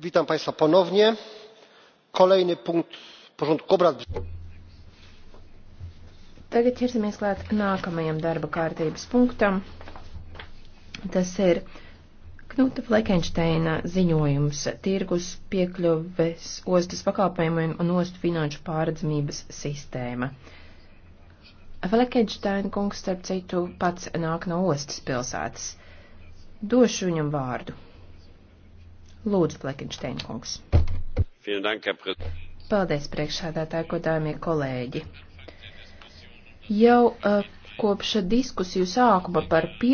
witam państwa ponownie. kolejny punkt porządku obrad. Tagad ķersimies klāt nākamajam darba kārtības punktam. Tas ir Knuta Flekensteina ziņojums tirgus piekļuves ostas pakalpojumiem un ostu finanšu pārredzamības sistēma. Flekensteina kungs, starp citu, pats nāk no ostas pilsētas. Došu viņam vārdu. Lūdzu, Flekinšteina kungs. Paldies, priekšsādātāji, godājumie kolēģi. Jau uh, kopš diskusiju sākuma par pirmo.